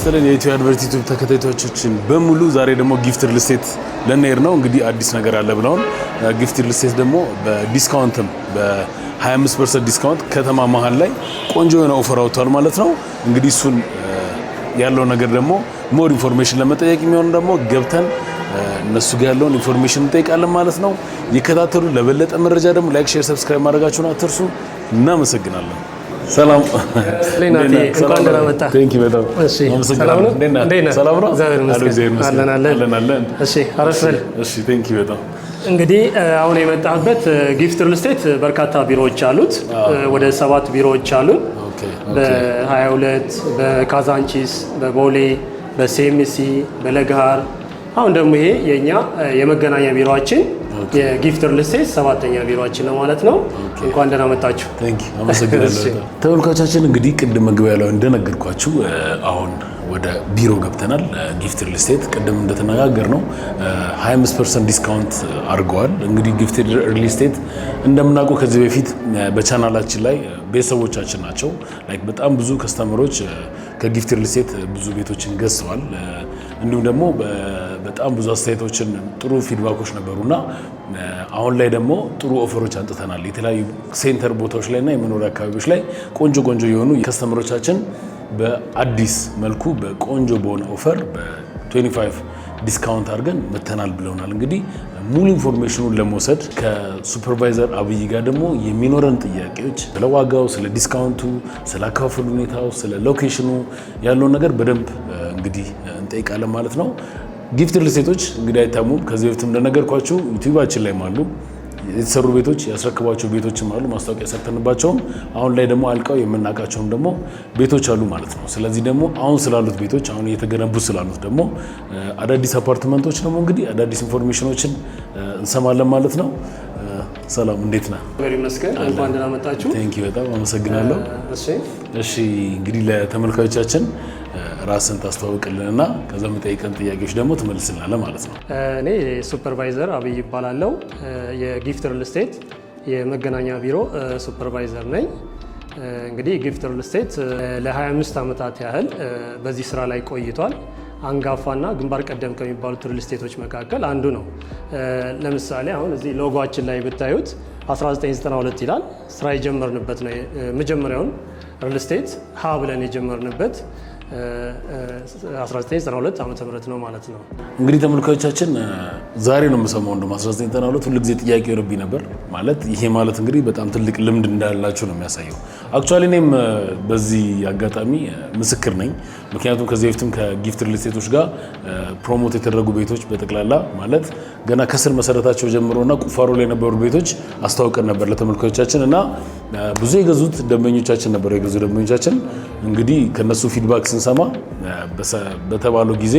ስተለን የኢትዮ አድቨርት ዩቱብ ተከታታዮቻችን በሙሉ ዛሬ ደግሞ ጊፍት ሪል ልንሄድ ነው። እንግዲህ አዲስ ነገር አለ ብለውን ጊፍት ሪል ደግሞ በዲስካውንትም በ25 ፐርሰንት ዲስካውንት ከተማ መሀል ላይ ቆንጆ የሆነ ኦፈር አውጥቷል ማለት ነው። እንግዲህ እሱን ያለው ነገር ደግሞ ሞር ኢንፎርሜሽን ለመጠየቅ የሚሆን ደግሞ ገብተን እነሱ ጋር ያለውን ኢንፎርሜሽን እንጠይቃለን ማለት ነው። ይከታተሉ። ለበለጠ መረጃ ደግሞ ላይክ፣ ሼር፣ ሰብስክራይብ ማድረጋችሁን አትርሱ። እናመሰግናለን። ሰላም ናቴ፣ እንኳን ደህና መጣህ። እንግዲህ አሁን የመጣህበት ጊፍት ሪል ስቴት በርካታ ቢሮዎች አሉት። ወደ ሰባት ቢሮዎች አሉ በ22 በካዛንቺስ፣ በቦሌ፣ በሴሚሲ፣ በለጋሃር አሁን ደግሞ ይሄ የእኛ የመገናኛ ቢሮችን የጊፍተር ልስቴት ሰባተኛ ቢሮችን ነው ማለት ነው። እንኳን ደህና መጣችሁ። አመሰግናለሁ። ተመልካቻችን እንግዲህ ቅድም መግቢያ ላይ እንደነገርኳችሁ አሁን ወደ ቢሮ ገብተናል። ጊፍት ሪል ስቴት ቅድም እንደተነጋገር ነው 25 ፐርሰንት ዲስካውንት አድርገዋል። እንግዲህ ጊፍት ሪል ስቴት እንደምናውቀው ከዚህ በፊት በቻናላችን ላይ ቤተሰቦቻችን ናቸው። ላይክ በጣም ብዙ ከስተመሮች ከጊፍት ሪል ስቴት ብዙ ቤቶችን ገዝተዋል እንዲሁም ደግሞ በጣም ብዙ አስተያየቶችን ጥሩ ፊድባኮች ነበሩና አሁን ላይ ደግሞ ጥሩ ኦፈሮች አንጥተናል። የተለያዩ ሴንተር ቦታዎች ላይ የመኖሪያ አካባቢዎች ላይ ቆንጆ ቆንጆ የሆኑ ከስተመሮቻችን በአዲስ መልኩ በቆንጆ በሆነ ኦፈር በ25 ዲስካውንት አድርገን መተናል ብለውናል። እንግዲህ ሙሉ ኢንፎርሜሽኑን ለመውሰድ ከሱፐርቫይዘር አብይ ጋር ደግሞ የሚኖረን ጥያቄዎች ስለ ዋጋው፣ ስለ ዲስካውንቱ፣ ስለ አካፋፈሉ ሁኔታው፣ ስለ ሎኬሽኑ ያለውን ነገር በደንብ እንግዲህ እንጠይቃለን ማለት ነው። ጊፍት ሴቶች እንግዲህ አይታሙም። ከዚህ በፊት እንደነገርኳችሁ ዩቲዩባችን ላይም አሉ የተሰሩ ቤቶች ያስረክቧቸው ቤቶችም አሉ። ማስታወቂያ ሰርተንባቸውም አሁን ላይ ደግሞ አልቀው የምናውቃቸውም ደግሞ ቤቶች አሉ ማለት ነው። ስለዚህ ደግሞ አሁን ስላሉት ቤቶች አሁን እየተገነቡ ስላሉት ደግሞ አዳዲስ አፓርትመንቶች ደግሞ እንግዲህ አዳዲስ ኢንፎርሜሽኖችን እንሰማለን ማለት ነው። ሰላም እንዴት ነህ? እግዚአብሔር ይመስገን። እንኳን ደህና መጣችሁ። ቴንክ ዩ በጣም አመሰግናለሁ። እሺ እንግዲህ ለተመልካዮቻችን ራስን ታስተዋውቅልንና ከዛ የምጠይቀን ጥያቄዎች ደግሞ ትመልስልናለ ማለት ነው። እኔ ሱፐርቫይዘር አብይ ይባላለው የጊፍት ሪል ስቴት የመገናኛ ቢሮ ሱፐርቫይዘር ነኝ። እንግዲህ ጊፍት ሪል ስቴት ለ25 ዓመታት ያህል በዚህ ስራ ላይ ቆይቷል። አንጋፋና ግንባር ቀደም ከሚባሉት ሪል ስቴቶች መካከል አንዱ ነው። ለምሳሌ አሁን እዚህ ሎጎችን ላይ ብታዩት 1992 ይላል። ስራ የጀመርንበት ነው። መጀመሪያውን ሪል ስቴት ሀ ብለን የጀመርንበት 1992 ዓመተ ምህረት ነው ማለት ነው። እንግዲህ ተመልካዮቻችን ዛሬ ነው የምሰማው። እንደውም 1992 ሁልጊዜ ጥያቄ ሆነብኝ ነበር። ማለት ይሄ ማለት እንግዲህ በጣም ትልቅ ልምድ እንዳላችሁ ነው የሚያሳየው። አክቹዋሊ እኔም በዚህ አጋጣሚ ምስክር ነኝ። ምክንያቱም ከዚህ በፊትም ከጊፍት ሪል ስቴቶች ጋር ፕሮሞት የተደረጉ ቤቶች በጠቅላላ ማለት ገና ከስር መሰረታቸው ጀምሮና ቁፋሮ ላይ የነበሩ ቤቶች አስተዋውቀን ነበር ለተመልካዮቻችን እና ብዙ የገዙት ደንበኞቻችን ነበሩ የገዙ ደንበኞቻችን እንግዲህ ከነሱ ፊድባክ ስንሰማ በተባለው ጊዜ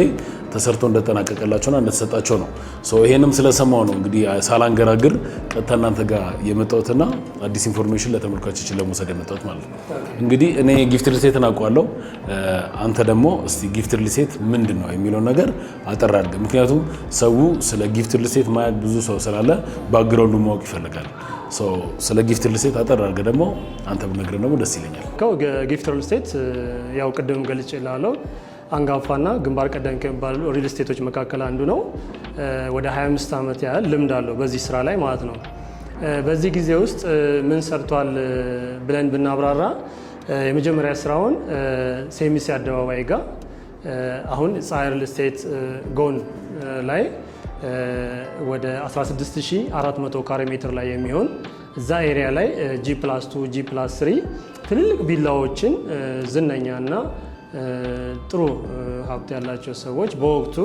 ተሰርቶ እንደጠናቀቀላቸውና እንደተሰጣቸው ነው። ይሄንም ስለሰማው ነው እንግዲህ ሳላንገራግር ቀጥታ እናንተ ጋር የመጣሁትና አዲስ ኢንፎርሜሽን ለተመልካቾችን ለመውሰድ የመጣሁት ማለት ነው። እንግዲህ እኔ ጊፍት ሪልስቴትን አውቀዋለሁ። አንተ ደግሞ እስቲ ጊፍት ሪልስቴት ምንድን ነው የሚለውን ነገር አጠር አድርገ ምክንያቱም ሰው ስለ ጊፍት ሪልስቴት ማያቅ ብዙ ሰው ስላለ ባግራውንዱ ማወቅ ይፈልጋል። ስለ ጊፍት ሪልስቴት አጠር ደግሞ አንተ ብነግረን ደግሞ ደስ ይለኛል። ጊፍት ሪልስቴት ስቴት ያው ቅድም ገልጬ ላለው አንጋፋና ግንባር ቀደም ከሚባሉ ሪል ስቴቶች መካከል አንዱ ነው። ወደ 25 ዓመት ያህል ልምድ አለው በዚህ ስራ ላይ ማለት ነው። በዚህ ጊዜ ውስጥ ምን ሰርቷል ብለን ብናብራራ የመጀመሪያ ስራውን ሴሚስ አደባባይ ጋር አሁን ፀሐይ ሪል ስቴት ጎን ላይ ወደ 16400 ካሬ ሜትር ላይ የሚሆን እዛ ኤሪያ ላይ ጂ ፕላስ 2 ጂ ፕላስ 3 ትልልቅ ቪላዎችን ዝነኛና ጥሩ ሀብት ያላቸው ሰዎች በወቅቱ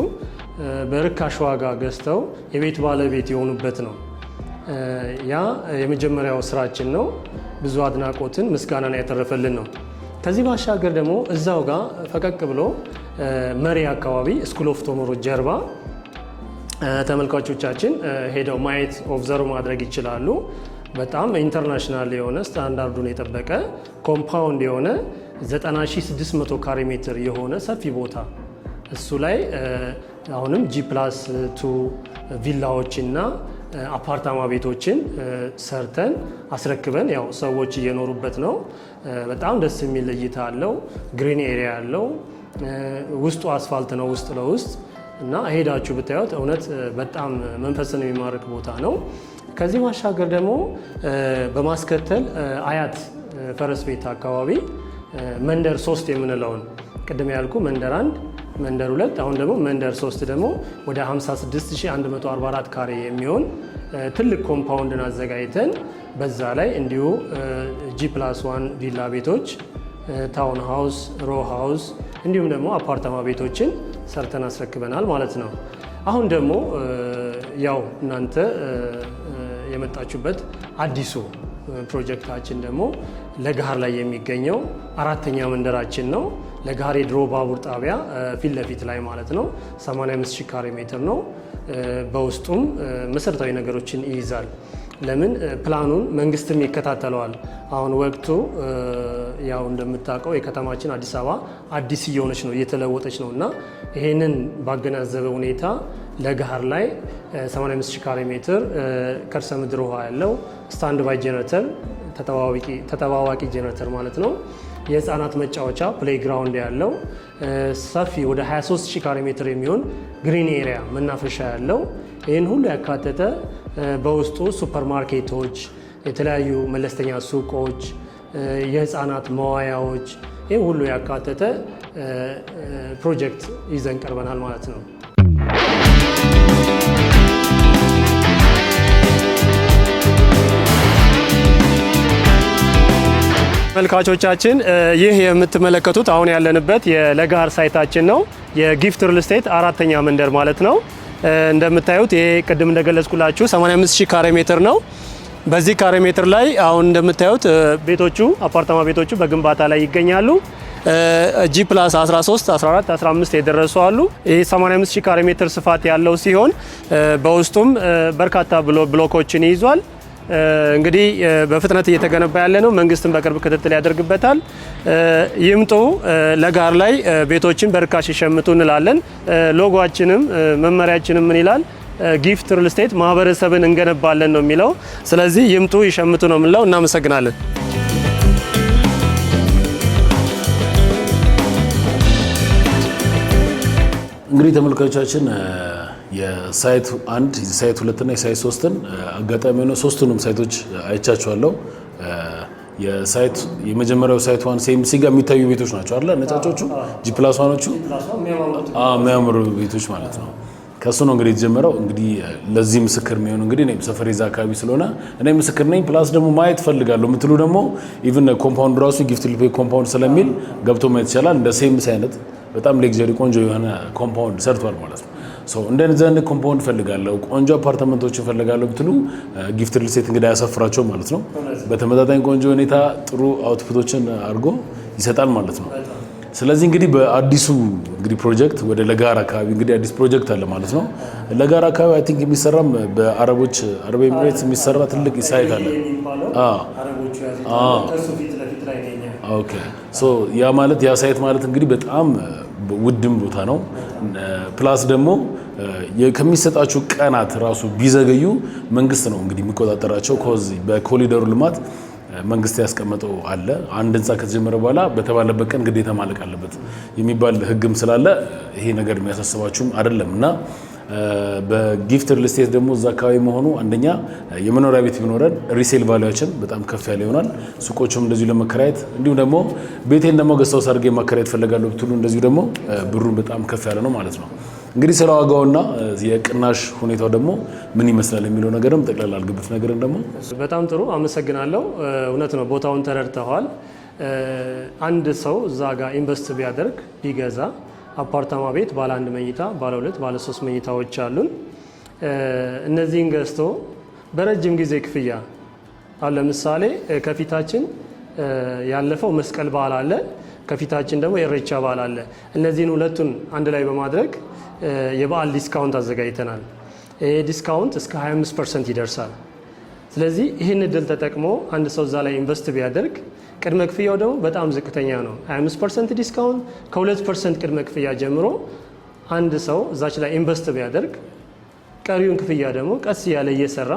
በርካሽ ዋጋ ገዝተው የቤት ባለቤት የሆኑበት ነው። ያ የመጀመሪያው ስራችን ነው። ብዙ አድናቆትን ምስጋናን ያተረፈልን ነው። ከዚህ ባሻገር ደግሞ እዛው ጋር ፈቀቅ ብሎ መሪ አካባቢ ስኩል ኦፍ ቶሞሮ ጀርባ ተመልካቾቻችን ሄደው ማየት ኦብዘርቭ ማድረግ ይችላሉ። በጣም ኢንተርናሽናል የሆነ ስታንዳርዱን የጠበቀ ኮምፓውንድ የሆነ 9600 ካሬ ሜትር የሆነ ሰፊ ቦታ እሱ ላይ አሁንም ጂ ፕላስ ቱ ቪላዎችና አፓርታማ ቤቶችን ሰርተን አስረክበን ያው ሰዎች እየኖሩበት ነው። በጣም ደስ የሚል እይታ አለው። ግሪን ኤሪያ አለው። ውስጡ አስፋልት ነው ውስጥ ለውስጥ እና ሄዳችሁ ብታዩት እውነት በጣም መንፈስን የሚማርክ ቦታ ነው። ከዚህ ማሻገር ደግሞ በማስከተል አያት ፈረስ ቤት አካባቢ መንደር ሶስት የምንለውን ቅድም ያልኩ መንደር አንድ መንደር ሁለት አሁን ደግሞ መንደር ሶስት ደግሞ ወደ 56144 ካሬ የሚሆን ትልቅ ኮምፓውንድን አዘጋጅተን በዛ ላይ እንዲሁ ጂ ፕላስ ዋን ቪላ ቤቶች፣ ታውን ሃውስ፣ ሮ ሃውስ እንዲሁም ደግሞ አፓርታማ ቤቶችን ሰርተን አስረክበናል ማለት ነው። አሁን ደግሞ ያው እናንተ የመጣችሁበት አዲሱ ፕሮጀክታችን ደግሞ ለገሃር ላይ የሚገኘው አራተኛ መንደራችን ነው። ለገሃር የድሮ ባቡር ጣቢያ ፊት ለፊት ላይ ማለት ነው። 85 ሺህ ካሬ ሜትር ነው። በውስጡም መሰረታዊ ነገሮችን ይይዛል። ለምን ፕላኑን መንግስትም ይከታተለዋል። አሁን ወቅቱ ያው እንደምታውቀው የከተማችን አዲስ አበባ አዲስ እየሆነች ነው፣ እየተለወጠች ነው እና ይህንን ባገናዘበ ሁኔታ ለገሃር ላይ 85 ካሬ ሜትር ከርሰ ምድር ውሃ ያለው ስታንድ ባይ ጀነሬተር ተጠዋዋቂ ጀነሬተር ማለት ነው። የህፃናት መጫወቻ ፕሌይ ያለው ሰፊ ወደ 23 ሺ ካሬ ሜትር የሚሆን ግሪን ኤሪያ መናፈሻ ያለው ይህን ሁሉ ያካተተ በውስጡ ሱፐርማርኬቶች፣ የተለያዩ መለስተኛ ሱቆች፣ የህፃናት መዋያዎች ይህ ሁሉ ያካተተ ፕሮጀክት ይዘን ቀርበናል ማለት ነው። ተመልካቾቻችን ይህ የምትመለከቱት አሁን ያለንበት የለጋር ሳይታችን ነው። የጊፍት ሪል ስቴት አራተኛ መንደር ማለት ነው። እንደምታዩት ይሄ ቅድም እንደገለጽኩላችሁ 85 ካሬ ሜትር ነው። በዚህ ካሬ ሜትር ላይ አሁን እንደምታዩት ቤቶቹ አፓርታማ ቤቶቹ በግንባታ ላይ ይገኛሉ። ጂ ፕላስ 13፣ 14፣ 15 የደረሱ አሉ። ይህ 85 ካሬ ሜትር ስፋት ያለው ሲሆን በውስጡም በርካታ ብሎኮችን ይዟል። እንግዲህ በፍጥነት እየተገነባ ያለ ነው። መንግስትም በቅርብ ክትትል ያደርግበታል። ይምጡ ለጋር ላይ ቤቶችን በርካሽ ይሸምጡ እንላለን። ሎጓችንም መመሪያችንም ምን ይላል? ጊፍት ሪል ስቴት ማህበረሰብን እንገነባለን ነው የሚለው። ስለዚህ ይምጡ ይሸምጡ ነው የምንለው። እናመሰግናለን። እንግዲህ ተመልካቾቻችን የሳይት አንድ የሳይት ሁለትና የሳይት ሶስትን አጋጣሚ ሆነ ሶስቱንም ሳይቶች አይቻቸዋለሁ። የሳይት የመጀመሪያው ሳይት ዋን ሴምሲ ጋር የሚታዩ ቤቶች ናቸው አለ ነጫጮቹ ጂ ፕላስ ዋኖቹ የሚያምሩ ቤቶች ማለት ነው። ከእሱ ነው እንግዲህ የተጀመረው። እንግዲህ ለዚህ ምስክር የሚሆኑ እንግዲህ እኔም ሰፈር የዛ አካባቢ ስለሆነ እኔ ምስክር ነኝ። ፕላስ ደግሞ ማየት ፈልጋለሁ የምትሉ ደግሞ ኢቭን ኮምፓውንድ ራሱ ጊፍት ልፔ ኮምፓውንድ ስለሚል ገብቶ ማየት ይቻላል። እንደ ሴምስ አይነት በጣም ሌግዘሪ ቆንጆ የሆነ ኮምፓውንድ ሰርቷል ማለት ነው። እንደዚህ አይነት ኮምፓውንድ እፈልጋለሁ፣ ቆንጆ አፓርትመንቶች እፈልጋለሁ ብትሉ ጊፍት ሪል ስቴት እንግዲህ አያሳፍራቸው ማለት ነው። በተመጣጣኝ ቆንጆ ሁኔታ ጥሩ አውትፑቶችን አድርጎ ይሰጣል ማለት ነው። ስለዚህ እንግዲህ በአዲሱ እንግዲህ ፕሮጀክት ወደ ለጋር አካባቢ እንግዲህ አዲስ ፕሮጀክት አለ ማለት ነው። ለጋር አካባቢ አይ ቲንክ የሚሰራም በአረቦች አረብ ኤሚሬትስ የሚሰራ ትልቅ ሳይት አለ። ያ ማለት ያ ሳይት ማለት እንግዲህ በጣም ውድም ቦታ ነው። ፕላስ ደግሞ ከሚሰጣቸው ቀናት ራሱ ቢዘገዩ መንግስት ነው እንግዲህ የሚቆጣጠራቸው። ከዚህ በኮሊደሩ ልማት መንግስት ያስቀመጠው አለ። አንድ ህንፃ ከተጀመረ በኋላ በተባለበት ቀን ግዴታ ማለቅ አለበት የሚባል ህግም ስላለ ይሄ ነገር የሚያሳስባችሁም አይደለም እና በጊፍት ሪል ስቴት ደግሞ እዛ አካባቢ መሆኑ አንደኛ የመኖሪያ ቤት ቢኖረን ሪሴል ቫሊያችን በጣም ከፍ ያለ ይሆናል። ሱቆችም እንደዚሁ ለመከራየት እንዲሁም ደግሞ ቤቴን ደግሞ ገዝታውስ ሰርጌ ማከራየት ፈለጋለሁ ብትሉ እንደዚሁ ደግሞ ብሩን በጣም ከፍ ያለ ነው ማለት ነው። እንግዲህ ስለ ዋጋውና የቅናሽ ሁኔታው ደግሞ ምን ይመስላል የሚለው ነገርም ጠቅላላ አልግብት ነገርን ደግሞ በጣም ጥሩ አመሰግናለሁ። እውነት ነው፣ ቦታውን ተረድተዋል። አንድ ሰው እዛ ጋር ኢንቨስት ቢያደርግ ቢገዛ አፓርታማ ቤት ባለ አንድ መኝታ፣ ባለ ሁለት፣ ባለ ሶስት መኝታዎች አሉን። እነዚህን ገዝቶ በረጅም ጊዜ ክፍያ አሁን ለምሳሌ ከፊታችን ያለፈው መስቀል በዓል አለ፣ ከፊታችን ደግሞ የኢሬቻ በዓል አለ። እነዚህን ሁለቱን አንድ ላይ በማድረግ የበዓል ዲስካውንት አዘጋጅተናል። ይሄ ዲስካውንት እስከ 25 ፐርሰንት ይደርሳል። ስለዚህ ይህን እድል ተጠቅሞ አንድ ሰው እዛ ላይ ኢንቨስት ቢያደርግ ቅድመ ክፍያው ደግሞ በጣም ዝቅተኛ ነው። 25 ፐርሰንት ዲስካውንት ከ2 ፐርሰንት ቅድመ ክፍያ ጀምሮ አንድ ሰው እዛች ላይ ኢንቨስት ቢያደርግ ቀሪውን ክፍያ ደግሞ ቀስ እያለ እየሰራ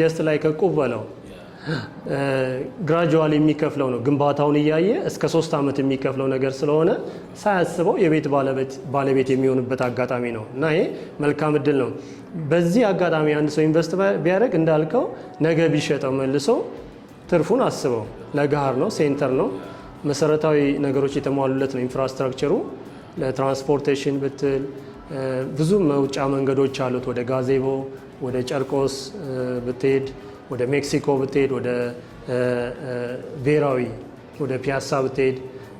ጀስት ላይ ከቁብ በለው ግራጁዋል የሚከፍለው ነው። ግንባታውን እያየ እስከ ሶስት ዓመት የሚከፍለው ነገር ስለሆነ ሳያስበው የቤት ባለቤት የሚሆንበት አጋጣሚ ነው እና ይሄ መልካም እድል ነው። በዚህ አጋጣሚ አንድ ሰው ኢንቨስት ቢያደርግ እንዳልከው ነገ ቢሸጠው መልሶ ትርፉን አስበው። ለገሃር ነው፣ ሴንተር ነው፣ መሰረታዊ ነገሮች የተሟሉለት ነው። ኢንፍራስትራክቸሩ ለትራንስፖርቴሽን ብትል ብዙ መውጫ መንገዶች አሉት። ወደ ጋዜቦ፣ ወደ ጨርቆስ ብትሄድ፣ ወደ ሜክሲኮ ብትሄድ፣ ወደ ብሔራዊ፣ ወደ ፒያሳ ብትሄድ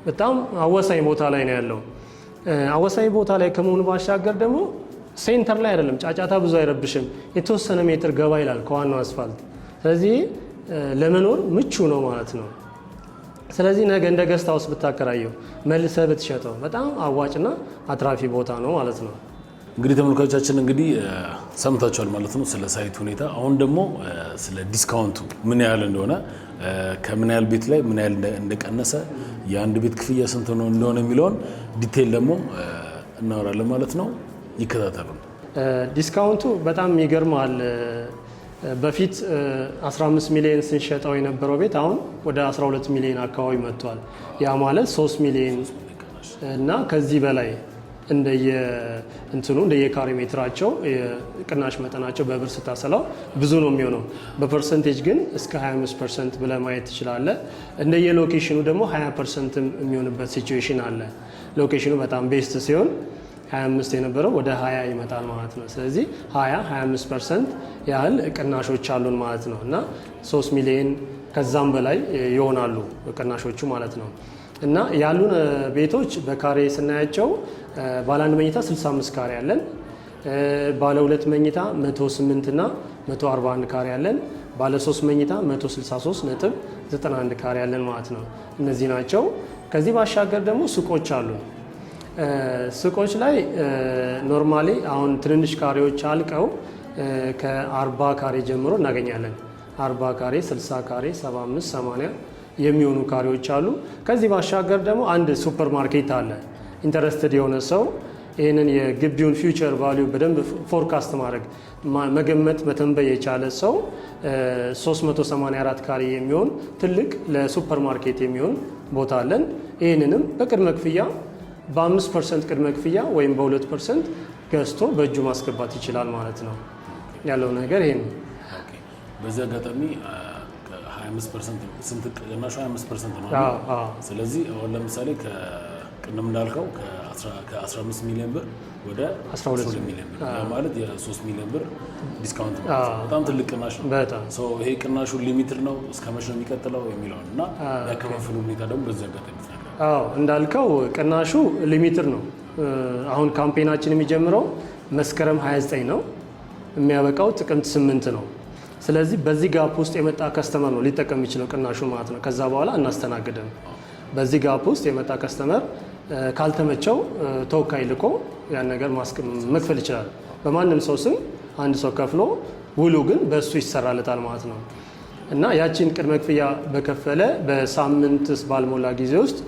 በጣም አወሳኝ ቦታ ላይ ነው ያለው። አወሳኝ ቦታ ላይ ከመሆኑ ባሻገር ደግሞ ሴንተር ላይ አይደለም። ጫጫታ ብዙ አይረብሽም። የተወሰነ ሜትር ገባ ይላል ከዋናው አስፋልት። ስለዚህ ለመኖር ምቹ ነው ማለት ነው። ስለዚህ ነገ እንደ ገስታ ውስጥ ብታከራየው መልሰ ብትሸጠው በጣም አዋጭና አትራፊ ቦታ ነው ማለት ነው። እንግዲህ ተመልካቾቻችን እንግዲህ ሰምታችኋል ማለት ነው ስለ ሳይት ሁኔታ። አሁን ደግሞ ስለ ዲስካውንቱ ምን ያህል እንደሆነ ከምን ያህል ቤት ላይ ምን ያህል እንደቀነሰ የአንድ ቤት ክፍያ ስንት ነው እንደሆነ የሚለውን ዲቴል ደግሞ እናወራለን ማለት ነው። ይከታተሉ። ዲስካውንቱ በጣም ይገርመዋል? በፊት 15 ሚሊዮን ስንሸጠው የነበረው ቤት አሁን ወደ 12 ሚሊዮን አካባቢ መጥቷል። ያ ማለት 3 ሚሊዮን እና ከዚህ በላይ እንደየእንትኑ እንደየካሬ ሜትራቸው የቅናሽ መጠናቸው በብር ስታሰላው ብዙ ነው የሚሆነው። በፐርሰንቴጅ ግን እስከ 25 ፐርሰንት ብለህ ማየት ትችላለህ። ሎኬሽኑ ደግሞ 20 ፐርሰንትም የሚሆንበት ሲትዌሽን አለ። ሎኬሽኑ በጣም ቤስት ሲሆን 25 የነበረው ወደ 20 ይመጣል ማለት ነው። ስለዚህ 20 25 ፐርሰንት ያህል ቅናሾች አሉን ማለት ነው እና 3 ሚሊዮን ከዛም በላይ ይሆናሉ ቅናሾቹ ማለት ነው። እና ያሉን ቤቶች በካሬ ስናያቸው ባለ አንድ መኝታ 65 ካሬ አለን። ባለ ሁለት መኝታ 108 እና 141 ካሬ አለን። ባለ 3 መኝታ 163 ነጥብ 91 ካሬ አለን ማለት ነው። እነዚህ ናቸው። ከዚህ ባሻገር ደግሞ ሱቆች አሉ። ሱቆች ላይ ኖርማሊ አሁን ትንንሽ ካሬዎች አልቀው ከአርባ ካሬ ጀምሮ እናገኛለን። አርባ ካሬ፣ ስልሳ ካሬ፣ ሰባ አምስት ሰማንያ የሚሆኑ ካሬዎች አሉ። ከዚህ ባሻገር ደግሞ አንድ ሱፐር ማርኬት አለ። ኢንተረስትድ የሆነ ሰው ይህንን የግቢውን ፊውቸር ቫሊዩ በደንብ ፎርካስት ማድረግ መገመት መተንበይ የቻለ ሰው 384 ካሬ የሚሆን ትልቅ ለሱፐር ማርኬት የሚሆን ቦታ አለን። ይህንንም በቅድመ ክፍያ በአምስት ፐርሰንት ቅድመ ክፍያ ወይም በሁለት ፐርሰንት ገዝቶ በእጁ ማስገባት ይችላል ማለት ነው። ያለው ነገር ይሄ ነው። በዚህ አጋጣሚ ቅናሹ 25 ፐርሰንት ነው። ስለዚህ አሁን ለምሳሌ ቅድም እንዳልከው ከ15 ሚሊዮን ብር ወደ 12 ሚሊዮን ብር ማለት የ3 ሚሊዮን ብር ዲስካውንት በጣም ትልቅ ቅናሽ ነው። ይሄ ቅናሹ ሊሚትድ ነው እስከ መቼ ነው የሚቀጥለው የሚለውን እና ያከፋፈሉ ሁኔታ ደግሞ በዚህ አጋጣሚ አዎ እንዳልከው ቅናሹ ሊሚትር ነው። አሁን ካምፔናችን የሚጀምረው መስከረም 29 ነው፣ የሚያበቃው ጥቅምት 8 ነው። ስለዚህ በዚህ ጋፕ ውስጥ የመጣ ከስተመር ነው ሊጠቀም የሚችለው ቅናሹ ማለት ነው። ከዛ በኋላ እናስተናግድም። በዚህ ጋፕ ውስጥ የመጣ ከስተመር ካልተመቸው ተወካይ ልኮ ያን ነገር መክፈል ይችላል። በማንም ሰው ስም አንድ ሰው ከፍሎ ውሉ ግን በእሱ ይሰራለታል ማለት ነው እና ያቺን ቅድመ ክፍያ በከፈለ በሳምንት ባልሞላ ጊዜ ውስጥ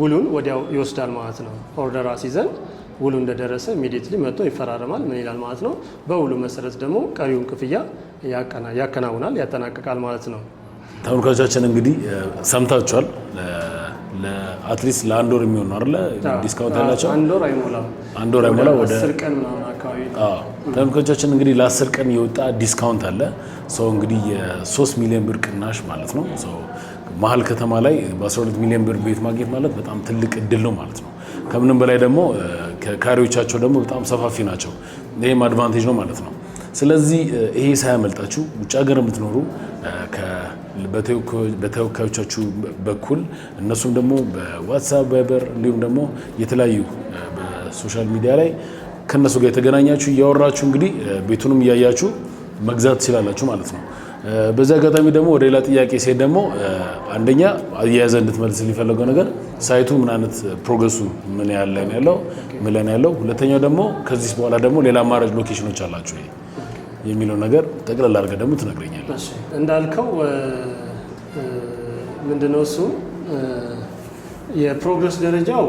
ውሉን ወዲያው ይወስዳል ማለት ነው። ኦርደር አስይዘን ውሉ እንደደረሰ ኢሚዲየትሊ መጥቶ ይፈራረማል። ምን ይላል ማለት ነው። በውሉ መሰረት ደግሞ ቀሪውን ክፍያ ያከናውናል፣ ያጠናቅቃል ማለት ነው። ተመልካቾቻችን እንግዲህ ሰምታችኋል። አትሊስት ለአንድ ወር የሚሆን አለ ዲስካውንት ያላቸው አንድ ወር አይሞላ ወደ አስር ቀን አካባቢ። ተመልካቾቻችን እንግዲህ ለአስር ቀን የወጣ ዲስካውንት አለ ሰው እንግዲህ የሶስት ሚሊዮን ብር ቅናሽ ማለት ነው። መሀል ከተማ ላይ በ12 ሚሊዮን ብር ቤት ማግኘት ማለት በጣም ትልቅ እድል ነው ማለት ነው። ከምንም በላይ ደግሞ ካሬዎቻቸው ደግሞ በጣም ሰፋፊ ናቸው። ይህም አድቫንቴጅ ነው ማለት ነው። ስለዚህ ይሄ ሳያመልጣችሁ ውጭ ሀገር የምትኖሩ በተወካዮቻችሁ በኩል እነሱም ደግሞ በዋትሳፕ ቫይበር፣ እንዲሁም ደግሞ የተለያዩ በሶሻል ሚዲያ ላይ ከእነሱ ጋር የተገናኛችሁ እያወራችሁ እንግዲህ ቤቱንም እያያችሁ መግዛት ትችላላችሁ ማለት ነው። በዚህ አጋጣሚ ደግሞ ወደ ሌላ ጥያቄ ሲሄድ ደግሞ አንደኛ አያያዘ እንድትመልስ የሚፈለገው ነገር ሳይቱ ምን አይነት ፕሮግረሱ ምን ያለ ያለው ምለን ያለው፣ ሁለተኛው ደግሞ ከዚህ በኋላ ደግሞ ሌላ አማራጭ ሎኬሽኖች አላችሁ የሚለው ነገር ጠቅላላ አድርገህ ደግሞ ትነግረኛለህ። እንዳልከው ምንድነው እሱ የፕሮግረስ ደረጃው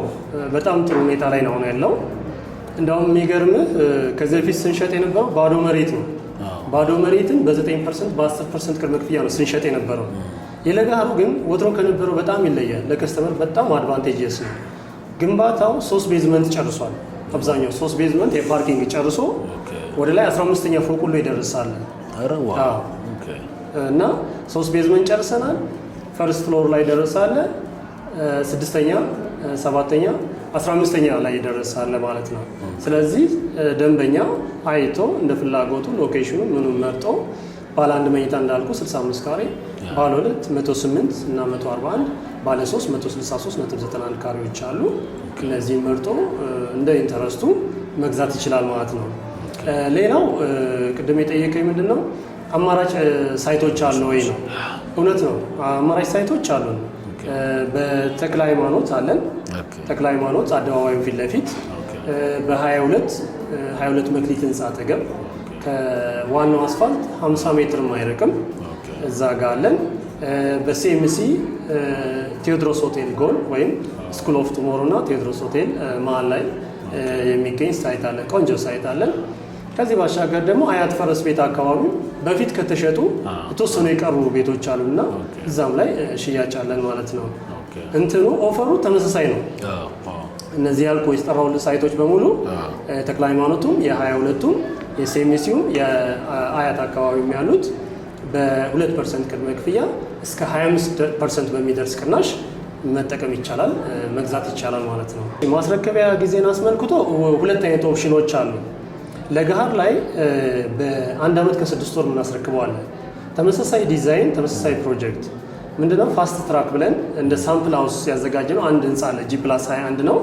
በጣም ጥሩ ሁኔታ ላይ ነው ያለው። እንዳውም የሚገርምህ ከዚህ በፊት ስንሸጥ የነበረው ባዶ መሬት ነው ባዶ መሬትን በ9 ፐርሰንት በ10 ፐርሰንት ቅድመ ክፍያ ነው ስንሸጥ የነበረው። የለገሃሩ ግን ወትሮ ከነበረው በጣም ይለያል። ለከስተመር በጣም አድቫንቴጅስ ነው። ግንባታው ሶስት ቤዝመንት ጨርሷል። አብዛኛው ሶስት ቤዝመንት የፓርኪንግ ጨርሶ ወደ ላይ 15ኛ ፎቅ ሁሉ ይደርሳል እና ሶስት ቤዝመንት ጨርሰናል። ፈርስት ፍሎር ላይ ደረሳለ ስድስተኛ፣ ሰባተኛ፣ አስራ አምስተኛ ላይ የደረሳለ ማለት ነው። ስለዚህ ደንበኛ አይቶ እንደ ፍላጎቱ ሎኬሽኑ ምኑ መርጦ ባለ አንድ መኝታ እንዳልኩ 65 ካሬ፣ ባለ ሁለት 108 እና 141፣ ባለ 3 91 ካሬዎች አሉ። እነዚህ መርጦ እንደ ኢንተረስቱ መግዛት ይችላል ማለት ነው። ሌላው ቅድም የጠየቀኝ ምንድን ነው አማራጭ ሳይቶች አሉ ወይ ነው። እውነት ነው፣ አማራጭ ሳይቶች አሉ በተክለ ሃይማኖት አለን። ተክለ ሃይማኖት አደባባይ ፊት ለፊት በ22 22 መክሊት ህንፃ አጠገብ ከዋናው አስፋልት 50 ሜትር ማይረቅም እዛ ጋር አለን። በሲኤምሲ ቴዎድሮስ ሆቴል ጎን ወይም ስኩል ኦፍ ቱሞሮ እና ቴዎድሮስ ሆቴል መሀል ላይ የሚገኝ ሳይት አለ። ቆንጆ ሳይት አለን። ከዚህ ባሻገር ደግሞ አያት ፈረስ ቤት አካባቢ በፊት ከተሸጡ የተወሰኑ የቀሩ ቤቶች አሉና እዛም ላይ ሽያጭ አለን ማለት ነው። እንትኑ ኦፈሩ ተመሳሳይ ነው። እነዚህ ያልኩ የጠራሁት ሳይቶች በሙሉ ተክለ ሃይማኖቱም፣ የሀያ ሁለቱም፣ የሴሚሲውም የአያት አካባቢም ያሉት በ2 ፐርሰንት ቅድመ ክፍያ እስከ 25 ፐርሰንት በሚደርስ ቅናሽ መጠቀም ይቻላል፣ መግዛት ይቻላል ማለት ነው። ማስረከቢያ ጊዜን አስመልክቶ ሁለት አይነት ኦፕሽኖች አሉ። ለገሃር ላይ በአንድ ዓመት ከስድስት ወር እናስረክበዋለን። ተመሳሳይ ዲዛይን ተመሳሳይ ፕሮጀክት ምንድነው ፋስት ትራክ ብለን እንደ ሳምፕል ሀውስ ያዘጋጀ ነው። አንድ ህንፃ አለ ጂ ፕላስ 21 ነው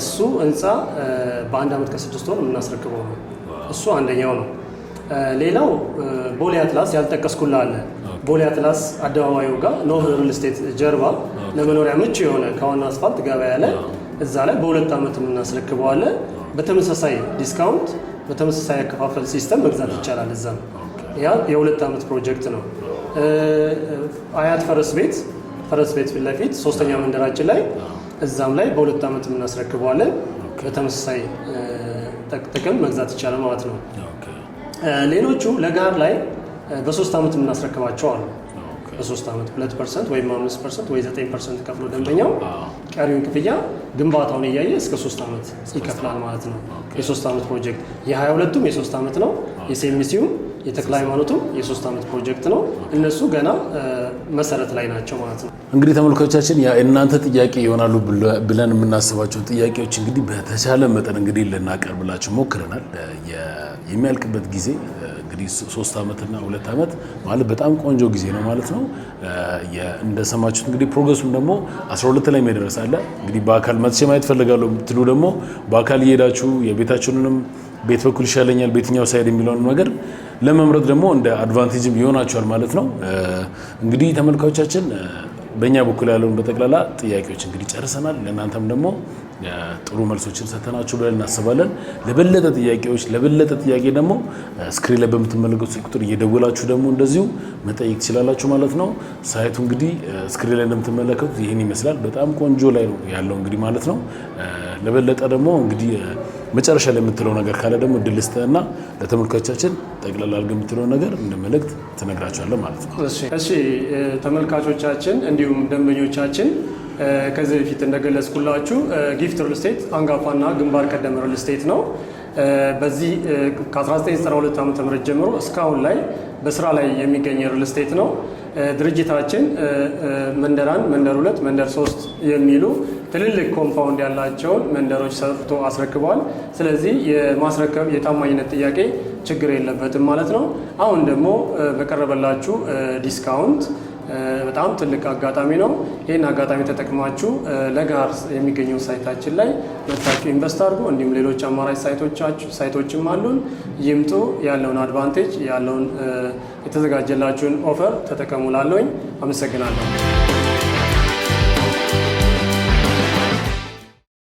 እሱ ህንፃ በአንድ ዓመት ከስድስት ወር የምናስረክበው ነው። እሱ አንደኛው ነው። ሌላው ቦሌ አትላስ ያልጠቀስኩላ አለ። ቦሌ አትላስ አደባባዩ ጋር ኖቭ ሪል ስቴት ጀርባ ለመኖሪያ ምቹ የሆነ ከዋና አስፋልት ገበያ ያለ እዛ ላይ በሁለት ዓመት የምናስረክበዋለን። በተመሳሳይ ዲስካውንት በተመሳሳይ አከፋፈል ሲስተም መግዛት ይቻላል። እዛም ያ የሁለት ዓመት ፕሮጀክት ነው። አያት ፈረስ ቤት ፈረስ ቤት ፊት ለፊት ሶስተኛ መንደራችን ላይ እዛም ላይ በሁለት ዓመት የምናስረክበዋለን። በተመሳሳይ ጥቅም መግዛት ይቻላል ማለት ነው። ሌሎቹ ለጋር ላይ በሶስት ዓመት የምናስረክባቸው አሉ። በሶስት ዓመት ሁለት ፐርሰንት ወይም አምስት ፐርሰንት ወይ ዘጠኝ ፐርሰንት ከፍሎ ደንበኛው ቀሪውን ክፍያ ግንባታውን እያየ እስከ ሶስት ዓመት ይከፍላል ማለት ነው። የሶስት ዓመት ፕሮጀክት የሀያ ሁለቱም የሶስት ዓመት ነው። የሴሚሲውም የተክለ ሃይማኖቱም የሶስት ዓመት ፕሮጀክት ነው። እነሱ ገና መሰረት ላይ ናቸው ማለት ነው። እንግዲህ ተመልካቾቻችን እናንተ ጥያቄ ይሆናሉ ብለን የምናስባቸው ጥያቄዎች እንግዲህ በተቻለ መጠን እንግዲህ ልናቀርብላቸው ሞክረናል። የሚያልቅበት ጊዜ እንግዲህ ሶስት ዓመትና ሁለት ዓመት ማለት በጣም ቆንጆ ጊዜ ነው ማለት ነው። እንደሰማችሁት እንግዲህ ፕሮግረሱም ደግሞ 12 ላይ የሚያደርስ አለ። እንግዲህ በአካል መጥቼ ማየት ፈልጋለሁ ብትሉ ደግሞ በአካል እየሄዳችሁ የቤታችንንም ቤት በኩል ይሻለኛል ቤትኛው ሳይድ የሚለውን ነገር ለመምረጥ ደግሞ እንደ አድቫንቴጅም ይሆናቸዋል ማለት ነው። እንግዲህ ተመልካዮቻችን በእኛ በኩል ያለውን በጠቅላላ ጥያቄዎች እንግዲህ ጨርሰናል። ለእናንተም ደግሞ ጥሩ መልሶችን ሰተናችሁ ብለን እናስባለን። ለበለጠ ጥያቄዎች ለበለጠ ጥያቄ ደግሞ ስክሪን ላይ በምትመለከቱ ቁጥር እየደወላችሁ ደግሞ እንደዚሁ መጠየቅ ትችላላችሁ ማለት ነው። ሳይቱ እንግዲህ ስክሪን ላይ እንደምትመለከቱት ይህን ይመስላል። በጣም ቆንጆ ላይ ነው ያለው እንግዲህ ማለት ነው። ለበለጠ ደግሞ እንግዲህ መጨረሻ ላይ የምትለው ነገር ካለ ደግሞ እድል እና ለተመልካቻችን ጠቅላላ አድርገህ የምትለው ነገር እንደ መልእክት ትነግራቸዋለህ ማለት ነው። እሺ ተመልካቾቻችን እንዲሁም ደንበኞቻችን ከዚህ በፊት እንደገለጽኩላችሁ ጊፍት ሪል ስቴት አንጋፋና ግንባር ቀደም ሪል ስቴት ነው። በዚህ ከ1992 ዓ ም ጀምሮ እስካሁን ላይ በስራ ላይ የሚገኝ ሪል ስቴት ነው። ድርጅታችን መንደር አንድ፣ መንደር ሁለት፣ መንደር ሶስት የሚሉ ትልልቅ ኮምፓውንድ ያላቸውን መንደሮች ሰርቶ አስረክበዋል። ስለዚህ የማስረከብ የታማኝነት ጥያቄ ችግር የለበትም ማለት ነው። አሁን ደግሞ በቀረበላችሁ ዲስካውንት በጣም ትልቅ አጋጣሚ ነው። ይህን አጋጣሚ ተጠቅማችሁ ለጋር የሚገኘው ሳይታችን ላይ መታችሁ ኢንቨስት አድርጉ እንዲሁም ሌሎች አማራጭ ሳይቶችም አሉን። ይምጡ፣ ያለውን አድቫንቴጅ ያለውን የተዘጋጀላችሁን ኦፈር ተጠቀሙላለኝ። አመሰግናለሁ።